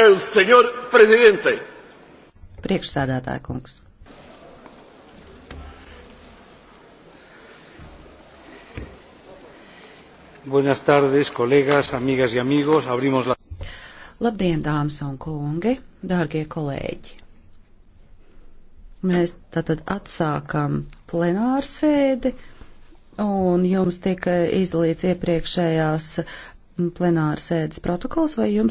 el señor presidente. Priekšsēdētāja kungs. Buenas tardes, colegas, amigas y amigos. Abrimos la... Labdien, dāmas un kungi, dārgie kolēģi. Mēs tātad atsākam plenārsēdi un jums tika izdalīts iepriekšējās plenāra sēdes protokols, vai jums